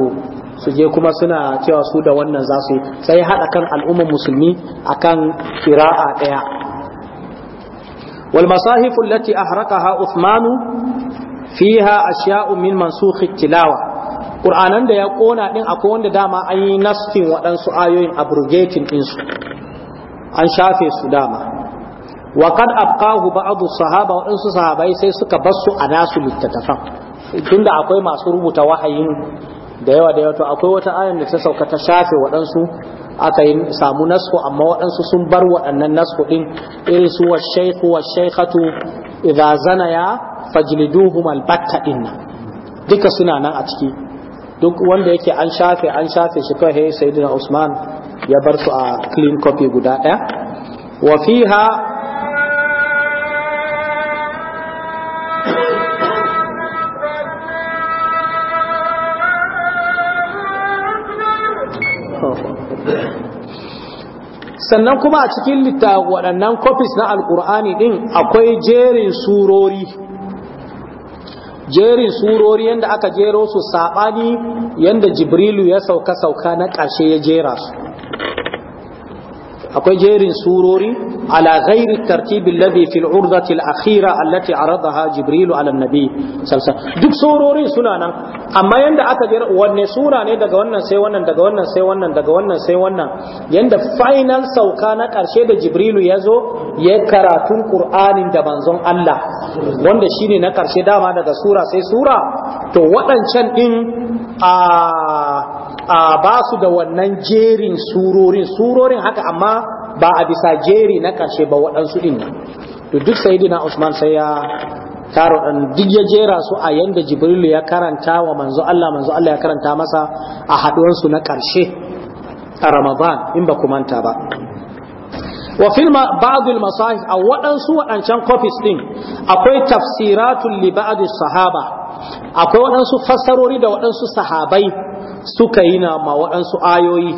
su je kuma suna cewa su da wannan za su sai ya haɗa kan al'ummar musulmi akan kira'a ɗaya wal masahifu allati ahraqaha Uthman fiha a min mansukh tilawa Qur'anan da ya ƙona ɗin akwai wanda dama an yi nasfin waɗansu ayoyin abrogating ɗinsu an shafe su dama wa qad abqahu ba'd sahaba wa sahabai sai suka basu a nasu littattafan tunda akwai masu rubuta wahayin da yawa da yawa to akwai wata ayan da ta sauka ta shafe waɗansu aka yi samu nasko amma waɗansu sun bar waɗannan nasko ɗin irin su wa shaykhu wa shaykhatu idza zanaya inna duka suna nan a ciki duk wanda yake an shafe an shafe shi kai sayyidina Usman ya bar su a clean copy guda ɗaya Wafiha. sannan kuma a cikin litta waɗannan kofis na alkur'ani ɗin akwai jerin surori jerin surori yadda aka jero su saɓani yadda jibrilu ya sauka-sauka na ƙarshe ya jera su akwai jerin surori ala ghairi tartibin ladhi fil urdati akhira allati aradaha jibrilu ala nabi sallallahu duk surorin suna nan amma yanda aka jira wanne sura ne daga wannan sai wannan daga wannan sai wannan daga wannan sai wannan yanda final sauka na karshe da jibrilu ya zo ya karatun qur'anin da manzon Allah wanda shine na karshe dama daga sura sai sura to waɗancan ɗin a a ba su da wannan jerin surorin surorin haka amma ba a bisa jeri na karshe ba waɗansu din to duk sayyidina Usman sai ya taro ɗan duk ya jera su a yanda Jibril ya karanta wa manzo Allah manzo Allah ya karanta masa a haɗuwarsu na ƙarshe a ramadan in ba ku manta ba wa filma ba'dul masahif a waɗansu waɗancan copies ɗin akwai tafsiratun li sahaba akwai waɗansu fassarori da waɗansu sahabai suka yi na ma waɗansu ayoyi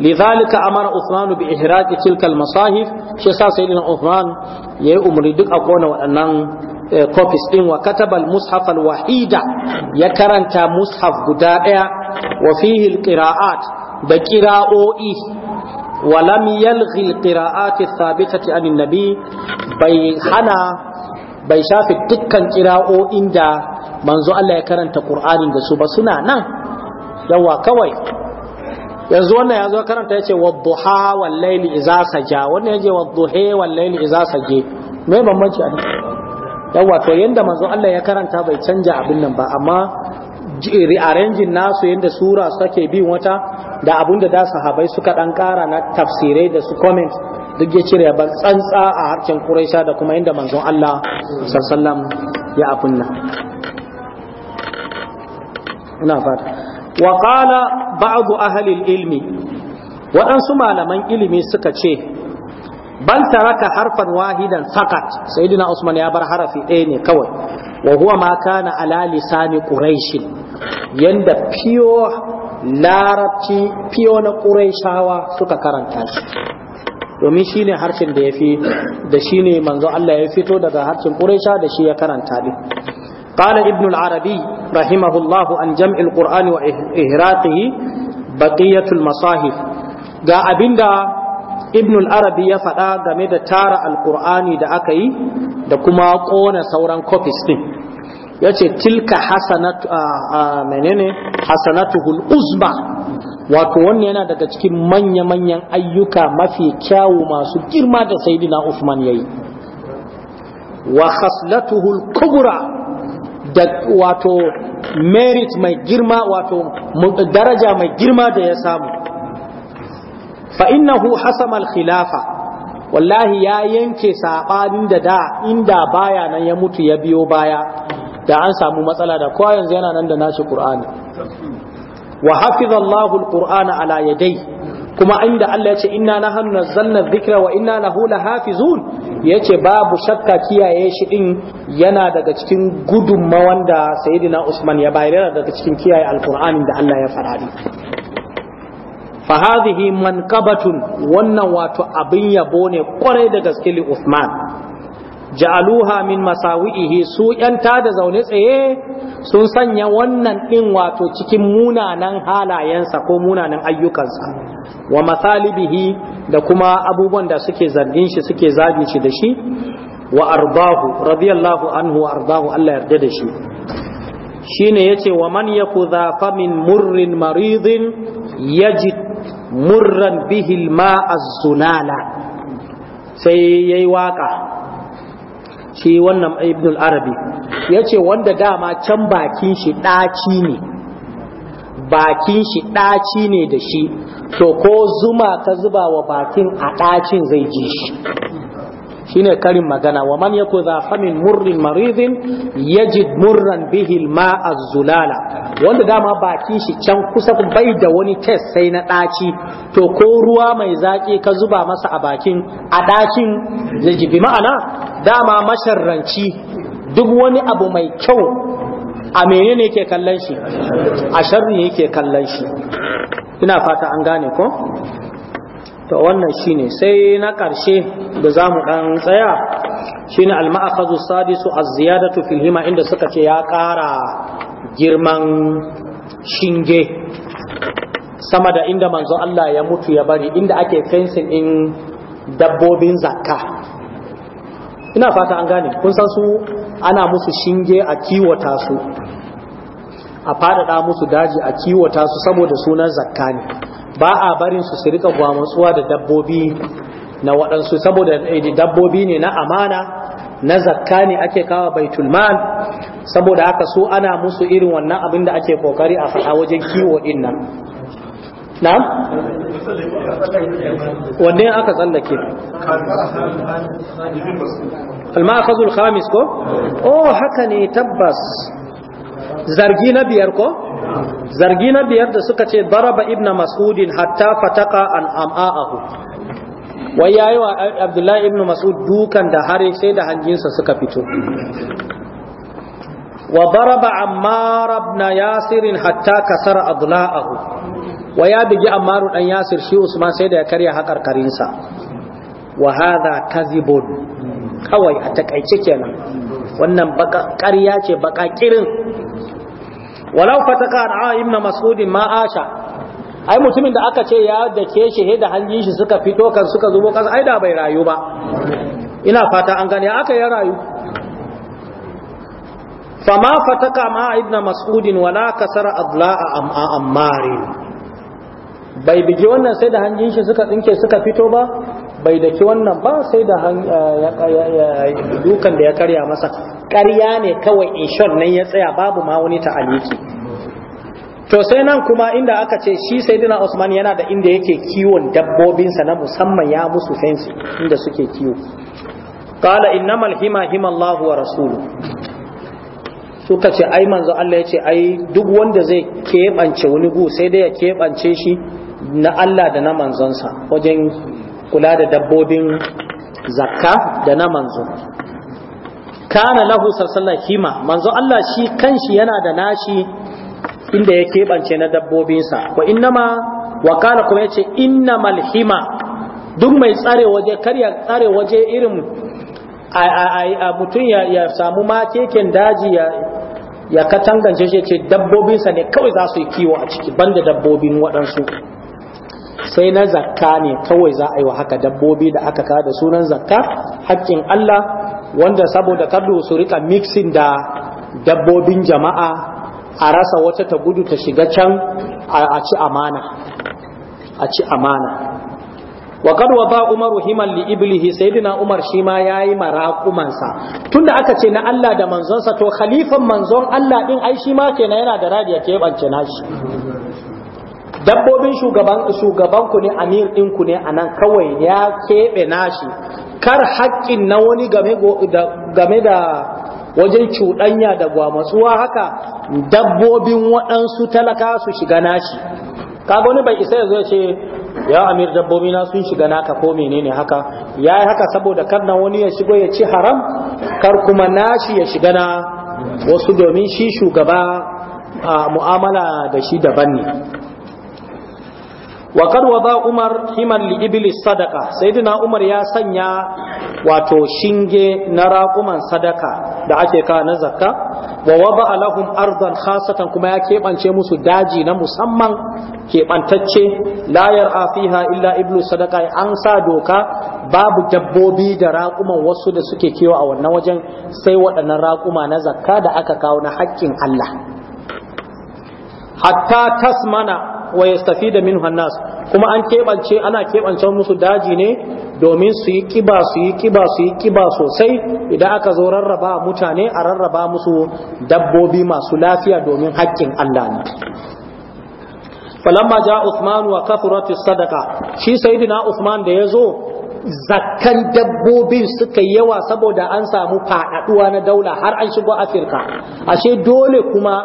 لذلك امر عثمان باحراق تلك المصاحف شي سا سيدنا عثمان yayi umri duk a kona waɗannan Eh, copies din wa katabal mushaf al-wahida ya karanta mushaf guda daya wa fihi al-qira'at da qira'o'i wa lam yalghi al-qira'at ath an nabi bai hana bai shafi dukkan qira'o'in da manzo Allah ya karanta Qur'anin da su ba suna nan yawa kawai yanzu wannan ya zo karanta yace ce wadduha wal layli idza saja wannan yaje je wadduhe wal layli idza saje me bambanci a yawa to yanda manzo Allah ya karanta bai canja abin nan ba amma rearranging nasu yanda sura suke bin wata da abin da da sahabai suka dan kara na tafsirai da su comment duk ya cire ban tsantsa a harcen Quraisha da kuma yanda manzo Allah sallallahu ya abin nan ina fata wa qala ba'd ahli ilmi waɗansu malaman ilimi suka ce Ban taraka harfan wahidan sakat, sayyidina usman ya bar harafi ɗaya ne kawai wa huwa ma kana ala lisani quraish yanda fiyo larabci fiyo na ƙuraishawa suka karanta shi domin shine harshen da yafi da shine manzo Allah ya fito daga harshen quraisha da shi ya karanta din قال ابن العربي رحمه الله عن جمع القرآن وإهراقه بقية المصاحف ga abinda Ibnul arabi ya faɗa game da tara alkur'ani da aka yi da kuma ƙona sauran copies din ya ce tilka hasanatu menene hasanatuhul uzba wato wannan yana daga cikin manya-manyan ayyuka mafi kyawu masu girma da saidina usman ya yi wa haslatuhul kubra da wato merit mai girma wato daraja mai girma da ya samu fa innahu hasama al-khilafa wallahi ya yanke saɓanin da da inda baya nan ya mutu ya biyo baya da an samu matsala da kowa yanzu yana nan da nashi qur'ani wa hafiza Allahu al-qur'ana ala yadai kuma inda Allah ya ce inna nahnu nazzalna dhikra wa inna lahu lahafizun yace babu shakka kiyaye shi din yana daga cikin gudunmawan da sayyidina Usman ya bayar daga cikin kiyaye al-qur'anin da Allah ya faradi fa hadhihi manqabatun wannan wato abin yabo ne kwarai da gaske li Uthman ja'aluha min masawihi su yan da zaune tsaye sun sanya wannan din wato cikin munanan halayensa ko munanan ayyukansa wa masalibihi da kuma abubuwan da suke zargin shi suke zagin shi da shi wa ardahu radiyallahu anhu wa ardahu Allah yarda da shi shine yace wa man yakudha dha famin murrin maridin yajid murran bihi alma az sai yayi waka shi wannan al arabi yace wanda dama can bakin shi daci ne bakin shi daci ne da shi to ko zuma ka zuba wa bakin a dacin zai ji shi shine karin magana wa man yako za famin murrin maridin yajid murran bihi ma zulala wanda dama baki shi can kusa bai da wani test sai na daci to ko ruwa mai zaki ka zuba masa a bakin a dakin zai bi ma'ana dama masharranci duk wani abu mai kyau a menene yake kallon shi a sharri yake kallon shi ina fata an gane ko to wannan shine sai na ƙarshe da za mu ɗan tsaya shine al-ma'akhadhu sadisu az-ziyadatu fil hima inda suka ce ya ƙara girman shinge sama da inda manzo Allah ya mutu ya bari inda ake fencing in dabbobin zakka ina fata an gane kun san su ana musu shinge a kiwata su a faɗaɗa musu daji a kiwata su saboda sunan zakka ne ba a barin su su rika gwamutsuwa da dabbobi na waɗansu saboda eh, dabbobi ne na amana na zakka ne ake kawo baitul mal saboda haka su ana musu irin wannan abin da ake kokari a faɗa wajen kiwo din nan na? wanne aka tsallake almakazul khamis ko? oh haka ne tabbas zargi na biyar ko? zargi na biyar da suka ce daraba ibn mas'udin hatta fataka an am'a'ahu wai yayi wa abdullahi ibn mas'ud dukan da hare sai da hanjinsa suka fito wa daraba ammar ibn yasir hatta kasara adla'ahu wa ya bigi ammaru dan yasir shi usman sai da ya karya hakarkarinsa wa hadha kadhibun kawai a takaice kenan wannan baka ƙarya ce baka kirin walau fataka a ibn mas'udin ma asha ai mutumin da aka ce ya ke shi da hangin shi suka fito kan suka zubo kan ai da bai rayu ba ina fata an gani aka ya rayu fama fataka ma ibn mas'udin wala kasara a amma ammarin bai bige wannan sai da hanjin shi suka tsinke suka fito ba bai daki wannan ba sai da dukan da ya karya masa Karya ne kawai inshon nan ya tsaya babu ma wani ta'aliki to sai nan kuma inda aka ce shi sai usman yana da inda yake kiwon dabbobinsa na musamman ya musu fensi inda suke kiwo qala innamal hima hima Allahu wa rasulu suka ce ai manzo Allah ya ce ai duk wanda zai keɓance wani gu sai dai ya keɓance shi na Allah da na manzonsa wajen kula da dabbobin zakka da na manzo kana lahu sallallahu kima manzo Allah shi kanshi yana da nashi inda ya keɓance na dabbobinsa wa innama wa kana kuma yace innamal hima duk mai tsare waje karya tsare waje irin a mutum ya samu ma keken daji ya katangance shi ce dabbobinsa ne kawai za su yi kiwo a ciki banda dabbobin waɗansu sai na zakka ne kawai za a yi wa haka dabbobi da aka kawo da sunan zakka haƙƙin Allah wanda saboda kada su rika mixin da dabbobin jama'a a rasa wata ta gudu ta shiga can a ci amana a ci amana wa kad ba umaru himan li iblihi sayyidina umar shi ma yayi sa tunda aka ce na Allah da manzonsa to khalifan manzon Allah din ai shi ma kenan yana da radiya ke bance nashi dabbobin shugaban ku ne amir ɗinku ne a nan kawai ya keɓe nashi kar haƙƙin na wani game da wajen cuɗanya da gwamatsuwa haka dabbobin waɗansu talaka su shiga nashi kaga wani bai isa ya zo ya ce ya amir dabbobi na sun shiga naka ko menene haka yayi haka saboda kar na wani ya shigo ya ci haram kar kuma nashi ya shiga na wasu domin shi shugaba a mu'amala da shi daban ne wa kad wada umar himan li iblis sadaka sayyidina umar ya sanya wato shinge na raƙuman sadaka da ake ka na zakka wa wada lahum ardan khasatan kuma ya keɓance musu daji na musamman keɓantacce layar afiha illa iblis sadaka an sa doka babu dabbobi da raƙuman wasu da suke kiwo a wannan wajen sai waɗannan raƙuma na zakka da aka kawo na haƙƙin Allah hatta tasmana wa yastafida minhu an kuma an kebance ana kebance musu daji ne domin su yi kiba su yi kiba su yi kiba sosai idan aka zo rarraba mutane a rarraba musu dabbobi masu lafiya domin haƙƙin Allah ne falamma ja Uthman wa kathuratu sadaqa shi sayyidina Usman da yazo zakkan dabbobin suka yawa saboda an samu faɗaɗuwa na daula har an shigo afirka ashe dole kuma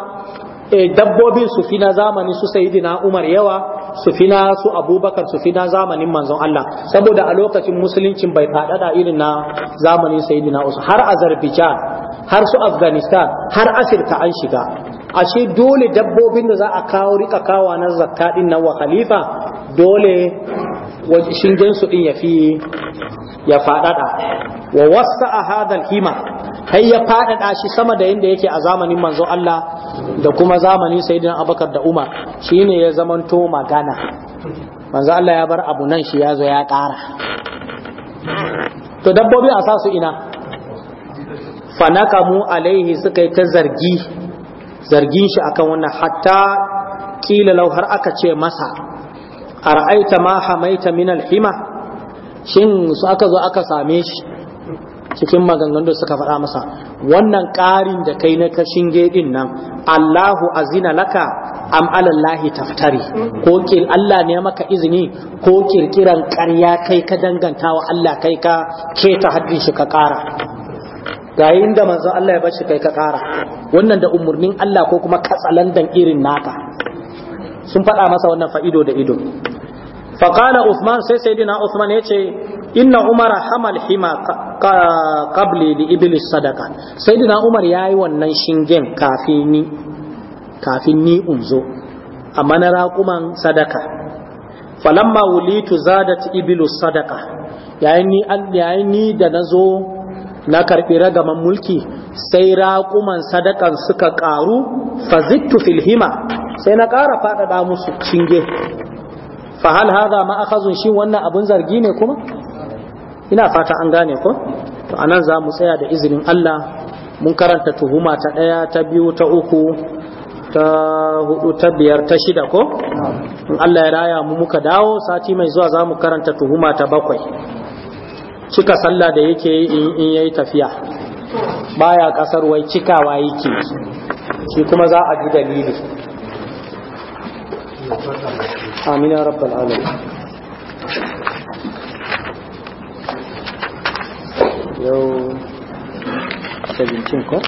Eh, dabbobin su fi na zamanin su sayidina Umar yawa su fi na su Abubakar su fi na zamanin manzon Allah saboda a lokacin musuluncin bai fadada irin na zamanin sayidina Usman har Azerbaijan har su Afghanistan har Afirka an shiga ashe dole dabbobin da za a kawo rika kawa na zakka din nan wa khalifa dole shingen su din ya fi ya faɗaɗa wa wasa a hadal hima kai ya faɗaɗa shi sama da yadda yake a zamanin manzo Allah da kuma zamanin sayyidina abakar da umar shine ya zamanto magana manzo Allah ya bar abu nan shi ya zo ya kara to dabbobi a sa su ina fanakamu alaihi suka yi ta zargi zargin shi akan wannan hatta kila lau har aka ce masa araita ma hamaita min alhima shin su aka zo aka same shi cikin maganganun da suka faɗa masa wannan ƙarin da kai na kashin gedin nan Allahu azina laka am alallahi taftari ko kin Allah ne maka izini ko kirkiran ƙarya kai ka danganta wa Allah kai ka keta haddin shi ka ƙara ga inda manzo Allah ya bashi kai ka ƙara wannan da umurnin Allah ko kuma katsalandan irin naka sun faɗa masa wannan fa'ido da ido faƙala usman sai sai dina usman ya ce inna umar hamal hima qabli li sadaka sai umar ya yi wannan shingen kafin ni kafin ni unzo amma na raƙuman sadaka falamma wulitu zadat iblis sadaka yayin ni yayin ni da nazo na karɓi ragaman mulki sai raƙuman sadakan suka ƙaru fazittu fil hima sai na ƙara faɗaɗa musu shinge fa hal hadha ma akhazun shi wannan abun zargi ne kuma ina fata an gane ko to anan za mu tsaya da izinin Allah mun karanta tuhuma ta daya ta biyu ta uku ta hudu ta biyar ta shida ko in Allah ya raya mu muka dawo sati mai zuwa za mu karanta tuhuma ta bakwai cika sallah da yake yi in yayi tafiya baya kasar wai cikawa yake shi kuma za a ji dalili آمين يا رب العالمين يو 17